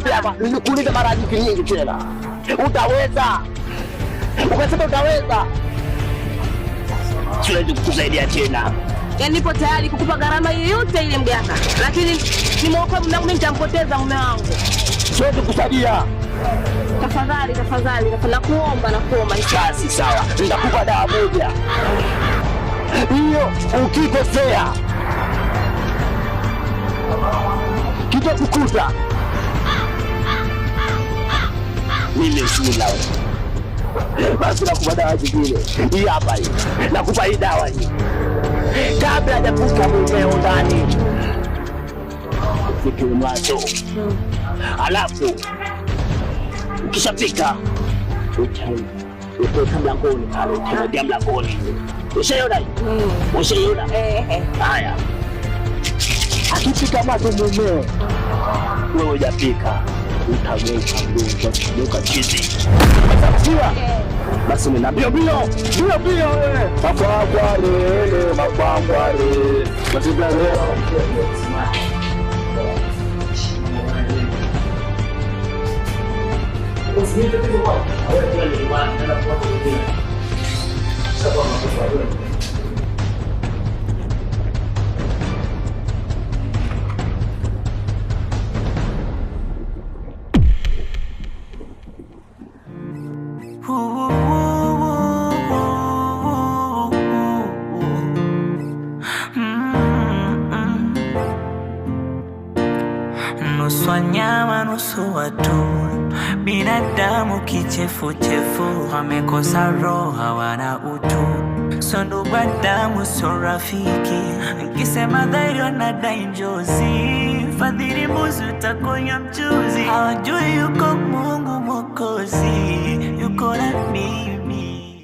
nilikwambia nikuulize mara nyingi nyingi tena, utaweza? Ukasema utaweza. Siwezi kukusaidia tena. Yaani nipo tayari kukupa gharama yoyote ile mganga, lakini nimeokoa mume wangu, nitampoteza mume wangu. Siwezi kukusaidia. Tafadhali, tafadhali, nakuomba, nakuomba. Basi sawa, nitakupa dawa moja hiyo, ukikosea kitakukuta nimesula basi, nakupa dawa zingine. Hii hapa hii, nakupa hii dawa hii, kabla hajakuta mumeo ndani nikiumacho, alafu ukishapika utaweka mlangoni, utatia mlangoni. Ushaiona hii? Ushaiona? Haya, akipika matu mumeo, wewe hujapika utaweza kuondoka Nusu wanyama nusu watu, binadamu kichefuchefu, wamekosa roho, hawana utu. Sonduba damu so rafiki, nkisema dhahiri wanadai njozi. Fadhili mbuzi, utakunywa mchuzi, hawajui yuko Mungu.